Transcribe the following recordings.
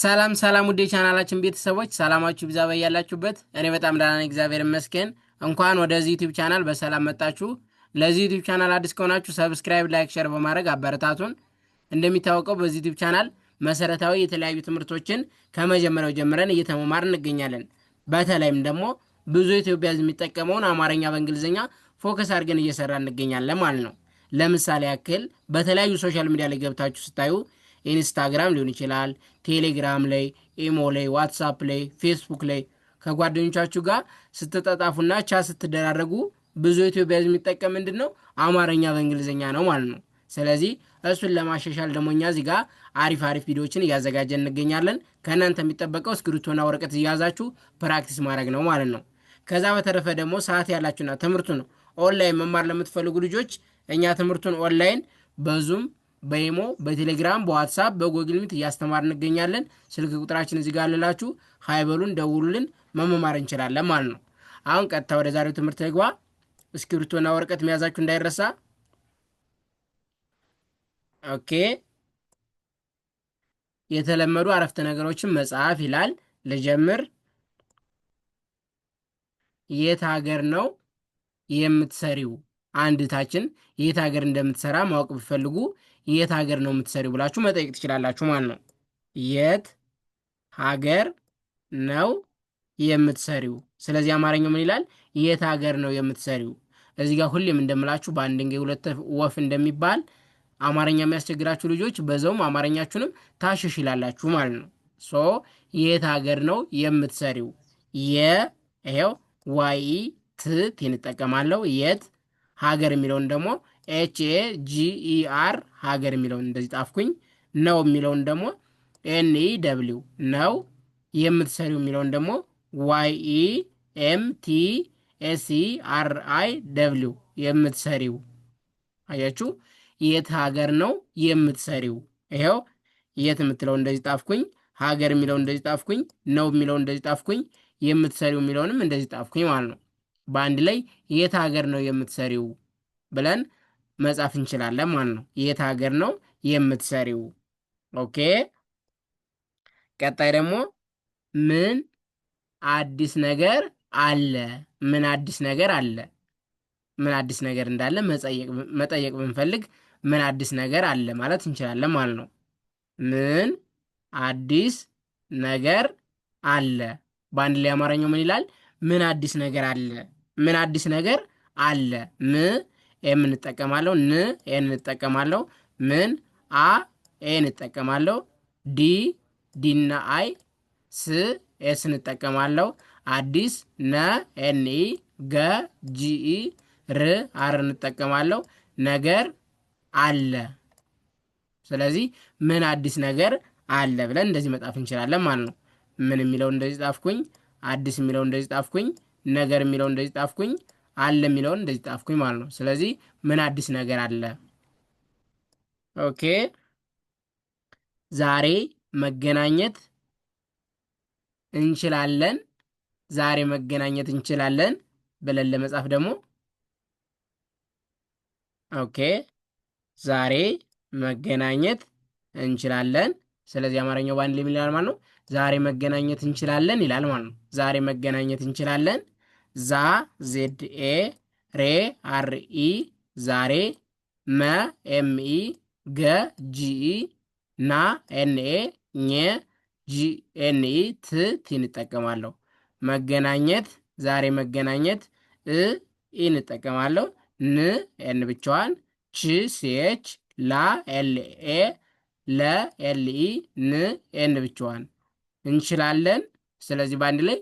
ሰላም ሰላም ውዴ ቻናላችን ቤተሰቦች ሰላማችሁ ብዛ በያላችሁበት። እኔ በጣም ደህና ነኝ፣ እግዚአብሔር ይመስገን። እንኳን ወደዚህ ዩቲብ ቻናል በሰላም መጣችሁ። ለዚህ ዩቲብ ቻናል አዲስ ከሆናችሁ ሰብስክራይብ፣ ላይክ፣ ሸር በማድረግ አበረታቱን። እንደሚታወቀው በዚህ ዩቲብ ቻናል መሰረታዊ የተለያዩ ትምህርቶችን ከመጀመሪያው ጀምረን እየተመማር እንገኛለን። በተለይም ደግሞ ብዙ ኢትዮጵያ የሚጠቀመውን አማርኛ በእንግሊዝኛ ፎከስ አድርገን እየሰራ እንገኛለን ማለት ነው። ለምሳሌ ያክል በተለያዩ ሶሻል ሚዲያ ላይ ገብታችሁ ስታዩ ኢንስታግራም ሊሆን ይችላል፣ ቴሌግራም ላይ፣ ኢሞ ላይ፣ ዋትሳፕ ላይ፣ ፌስቡክ ላይ ከጓደኞቻችሁ ጋር ስትጠጣፉና ቻ ስትደራረጉ ብዙ ኢትዮጵያ የሚጠቀም ምንድን ነው አማርኛ በእንግሊዝኛ ነው ማለት ነው። ስለዚህ እሱን ለማሻሻል ደግሞ እኛ እዚህ ጋር አሪፍ አሪፍ ቪዲዮዎችን እያዘጋጀን እንገኛለን። ከእናንተ የሚጠበቀው እስክሪቶና ወረቀት እያያዛችሁ ፕራክቲስ ማድረግ ነው ማለት ነው። ከዛ በተረፈ ደግሞ ሰዓት ያላችሁና ትምህርቱን ኦንላይን መማር ለምትፈልጉ ልጆች እኛ ትምህርቱን ኦንላይን በዙም በኢሞ በቴሌግራም በዋትሳፕ በጎግል ሚት እያስተማር እንገኛለን። ስልክ ቁጥራችን እዚህ ጋር ልላችሁ ሀይበሉን ደውሉልን፣ መመማር እንችላለን ማለት ነው። አሁን ቀጥታ ወደ ዛሬው ትምህርት ግባ። እስክሪብቶና ወረቀት መያዛችሁ እንዳይረሳ። ኦኬ። የተለመዱ አረፍተ ነገሮችን መጽሐፍ ይላል። ልጀምር። የት ሀገር ነው የምትሰሪው? አንድ እህታችን የት ሀገር እንደምትሰራ ማወቅ ብፈልጉ የት ሀገር ነው የምትሰሪው ብላችሁ መጠየቅ ትችላላችሁ ማለት ነው። የት ሀገር ነው የምትሰሪው። ስለዚህ አማርኛው ምን ይላል? የት ሀገር ነው የምትሰሪው። እዚህ ጋር ሁሌም እንደምላችሁ በአንድ ድንጋይ ሁለት ወፍ እንደሚባል አማርኛ የሚያስቸግራችሁ ልጆች በዛውም አማርኛችሁንም ታሽሽ ይላላችሁ ማለት ነው። ሶ የት ሀገር ነው የምትሰሪው? የ ይኸው ዋይ ት እንጠቀማለሁ የት ሀገር የሚለውን ደግሞ ኤችኤ ጂኢአር e ሀገር የሚለውን እንደዚህ ጣፍኩኝ። ነው የሚለውን ደግሞ ኤን ኢ ደብሊው ነው። የምትሰሪው የሚለውን ደግሞ ዋይ ኢ ኤም ቲ ኤስ ኢ አር አይ ደብሊው የምትሰሪው። አያችሁ የት ሀገር ነው የምትሰሪው? ይኸው የት የምትለው እንደዚህ ጣፍኩኝ። ሀገር የሚለው እንደዚህ ጣፍኩኝ። ነው የሚለው እንደዚህ ጣፍኩኝ። የምትሰሪው የሚለውንም እንደዚህ ጣፍኩኝ ማለት ነው። በአንድ ላይ የት ሀገር ነው የምትሰሪው ብለን መጻፍ እንችላለን ማለት ነው። የት ሀገር ነው የምትሰሪው። ኦኬ። ቀጣይ ደግሞ ምን አዲስ ነገር አለ? ምን አዲስ ነገር አለ? ምን አዲስ ነገር እንዳለ መጠየቅ ብንፈልግ ምን አዲስ ነገር አለ ማለት እንችላለን ማለት ነው። ምን አዲስ ነገር አለ። በአንድ ላይ አማርኛው ምን ይላል? ምን አዲስ ነገር አለ ምን አዲስ ነገር አለ? ም ኤም እንጠቀማለሁ። ን ኤን እንጠቀማለሁ። ምን አ ኤን እንጠቀማለሁ። ዲ ዲና አይ ስ ኤስ እንጠቀማለሁ። አዲስ ነ ኤን ኢ ገ ጂኢ ር አር እንጠቀማለሁ። ነገር አለ። ስለዚህ ምን አዲስ ነገር አለ ብለን እንደዚህ መጻፍ እንችላለን ማለት ነው። ምን የሚለው እንደዚህ ጻፍኩኝ። አዲስ የሚለው እንደዚህ ጻፍኩኝ። ነገር የሚለውን እንደዚህ ጣፍኩኝ፣ አለ የሚለውን እንደዚህ ጣፍኩኝ ማለት ነው። ስለዚህ ምን አዲስ ነገር አለ? ኦኬ ዛሬ መገናኘት እንችላለን፣ ዛሬ መገናኘት እንችላለን ብለን ለመጻፍ ደግሞ ኦኬ ዛሬ መገናኘት እንችላለን። ስለዚህ አማርኛው በአንድ ላይ ይላል ማለት ነው። ዛሬ መገናኘት እንችላለን ይላል ማለት ነው። ዛሬ መገናኘት እንችላለን ዛ ዜድ ኤ ሬ አር ኢ ዛሬ መ ኤም ኢ ገ ጂ ኢ ና ኤን ኤ ኘ ጂ ኤን ኢ ት ቲ እንጠቀማለሁ። መገናኘት ዛሬ መገናኘት እ ኢ እንጠቀማለሁ። ን ኤን ብቻዋን ች ሲኤች ላ ኤል ኤ ለ ኤል ኢ ን ኤን ብቻዋን እንችላለን። ስለዚህ በአንድ ላይ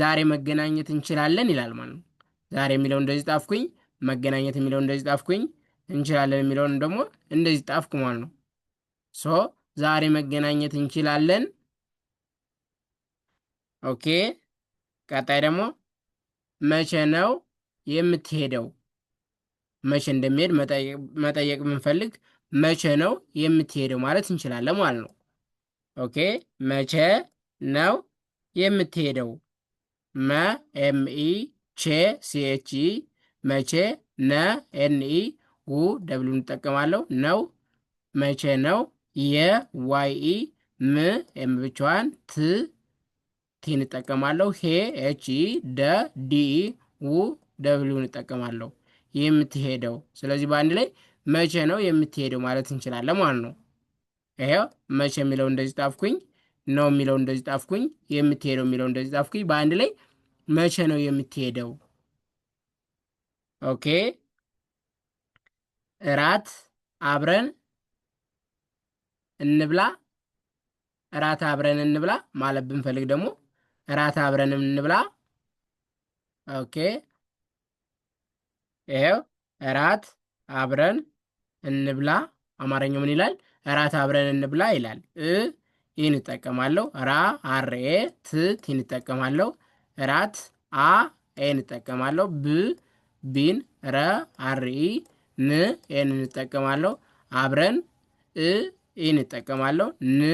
ዛሬ መገናኘት እንችላለን ይላል ማለት ነው። ዛሬ የሚለው እንደዚህ ጣፍኩኝ፣ መገናኘት የሚለው እንደዚህ ጣፍኩኝ፣ እንችላለን የሚለውን ደግሞ እንደዚህ ጣፍኩ ማለት ነው። ሶ ዛሬ መገናኘት እንችላለን። ኦኬ። ቀጣይ ደግሞ መቼ ነው የምትሄደው? መቼ እንደሚሄድ መጠየቅ ብንፈልግ መቼ ነው የምትሄደው ማለት እንችላለን ማለት ነው። ኦኬ። መቼ ነው የምትሄደው መ ኤምኢ ቼ ሲኤችኢ መቼ ነ ኤንኢ ው ደብሊውን እንጠቀማለሁ ነው መቼ ነው የዋይኢ ም ኤም ብቻዋን ት ቲ እንጠቀማለሁ ሄ ኤችኢ ደ ዲኢ ው ደብሊውን እንጠቀማለሁ የምትሄደው ስለዚህ በአንድ ላይ መቼ ነው የምትሄደው ማለት እንችላለን ማለት ነው። ይሄ መቼ የሚለው እንደዚህ ጣፍኩኝ። ነው የሚለው እንደዚህ ጣፍኩኝ። የምትሄደው የሚለው እንደዚህ ጣፍኩኝ። በአንድ ላይ መቼ ነው የምትሄደው? ኦኬ እራት አብረን እንብላ። እራት አብረን እንብላ ማለት ብንፈልግ ደግሞ እራት አብረን እንብላ። ኦኬ ይኸው እራት አብረን እንብላ። አማርኛው ምን ይላል? እራት አብረን እንብላ ይላል። ኢን እጠቀማለሁ። ራ አር ኤ ት ቲን እጠቀማለሁ። ራት አ ኤን እጠቀማለሁ። ብ ቢን ረ አር ኢ ን ኤን እንጠቀማለሁ። አብረን እ ኢን እጠቀማለሁ። ን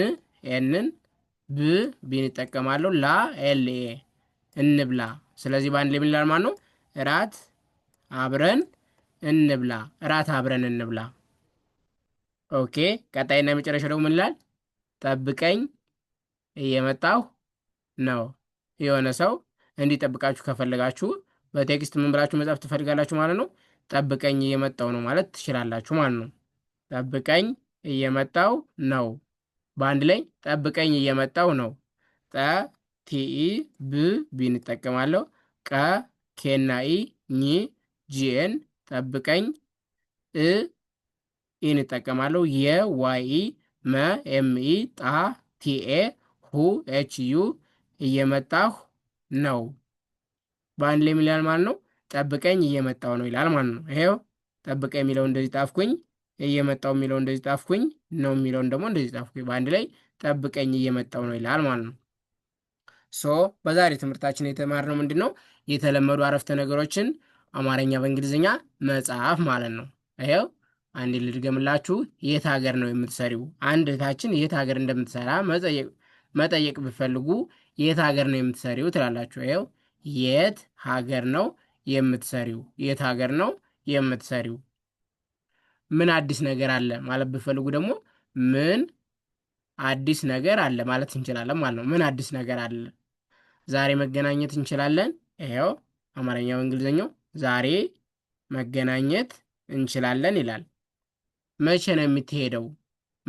ኤንን ብ ቢን እጠቀማለሁ። ላ ኤል ኤ እንብላ። ስለዚህ በአንድ ላይ የምንላል ማለት ነው ራት አብረን እንብላ። እራት አብረን እንብላ። ኦኬ። ቀጣይና የመጨረሻ ደግሞ ምን ይላል? ጠብቀኝ እየመጣሁ ነው። የሆነ ሰው እንዲጠብቃችሁ ከፈለጋችሁ በቴክስት ምን ብላችሁ መጻፍ ትፈልጋላችሁ ማለት ነው። ጠብቀኝ እየመጣሁ ነው ማለት ትችላላችሁ ማለት ነው። ጠብቀኝ እየመጣሁ ነው። በአንድ ላይ ጠብቀኝ እየመጣሁ ነው። ጠ ቲኢ ብ ቢ እንጠቀማለሁ። ቀ ኬና ኢ ኝ ጂኤን ጠብቀኝ እ ኢን እጠቀማለሁ። የዋይ ኢ መ ኤምኢ ጣ ቲኤ ሁ ኤች ዩ እየመጣሁ ነው። በአንድ ላይ የሚላል ማለት ነው። ጠብቀኝ እየመጣው ነው ይላል ማለት ነው። ይሄው ጠብቀኝ የሚለው እንደዚህ ጣፍኩኝ፣ እየመጣው የሚለው እንደዚህ ጣፍኩኝ፣ ነው የሚለውን ደግሞ እንደዚህ ጣፍኩኝ። በአንድ ላይ ጠብቀኝ እየመጣው ነው ይላል ማለት ነው። ሶ በዛሬ ትምህርታችን የተማርነው ምንድን ነው? የተለመዱ አረፍተ ነገሮችን አማርኛ በእንግሊዝኛ መጻፍ ማለት ነው። ይሄው አንድ ልድገምላችሁ። የት ሀገር ነው የምትሰሪው? አንድ እህታችን የት ሀገር እንደምትሰራ መጠየቅ ብፈልጉ የት ሀገር ነው የምትሰሪው ትላላችሁ። ይኸው የት ሀገር ነው የምትሰሪው፣ የት ሀገር ነው የምትሰሪው። ምን አዲስ ነገር አለ ማለት ብፈልጉ ደግሞ ምን አዲስ ነገር አለ ማለት እንችላለን ማለት ነው። ምን አዲስ ነገር አለ? ዛሬ መገናኘት እንችላለን። ይኸው አማርኛው፣ እንግሊዝኛው ዛሬ መገናኘት እንችላለን ይላል። መቼ ነው የምትሄደው?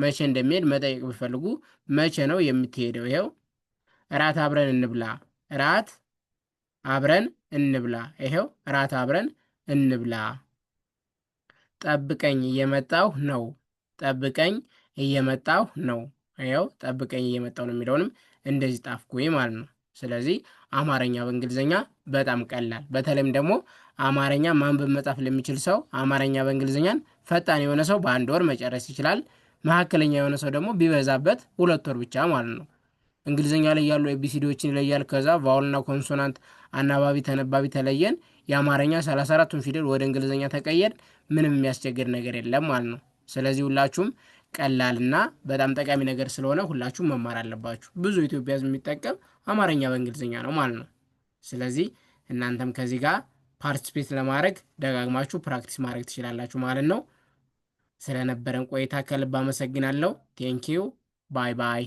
መቼ እንደሚሄድ መጠየቅ ቢፈልጉ መቼ ነው የምትሄደው? ይኸው እራት አብረን እንብላ፣ እራት አብረን እንብላ። ይኸው እራት አብረን እንብላ። ጠብቀኝ እየመጣሁ ነው፣ ጠብቀኝ እየመጣሁ ነው። ይኸው ጠብቀኝ እየመጣሁ ነው የሚለውንም እንደዚህ ጣፍኩ ማለት ነው። ስለዚህ አማርኛ በእንግሊዝኛ በጣም ቀላል፣ በተለይም ደግሞ አማርኛ ማንበብ መጻፍ ለሚችል ሰው አማርኛ በእንግሊዝኛን ፈጣን የሆነ ሰው በአንድ ወር መጨረስ ይችላል። መካከለኛ የሆነ ሰው ደግሞ ቢበዛበት ሁለት ወር ብቻ ማለት ነው። እንግሊዝኛ ላይ ያሉ ኤቢሲዲዎችን ይለያል። ከዛ ቫውልና ኮንሶናንት አናባቢ፣ ተነባቢ ተለየን። የአማርኛ 34ቱን ፊደል ወደ እንግሊዝኛ ተቀየር። ምንም የሚያስቸግር ነገር የለም ማለት ነው። ስለዚህ ሁላችሁም ቀላልና በጣም ጠቃሚ ነገር ስለሆነ ሁላችሁም መማር አለባችሁ። ብዙ ኢትዮጵያ ሕዝብ የሚጠቀም አማርኛ በእንግሊዝኛ ነው ማለት ነው። ስለዚህ እናንተም ከዚህ ጋር ፓርቲስፔት ለማድረግ ደጋግማችሁ ፕራክቲስ ማድረግ ትችላላችሁ ማለት ነው። ስለነበረን ቆይታ ከልብ አመሰግናለሁ። ቴንኪዩ ባይ ባይ።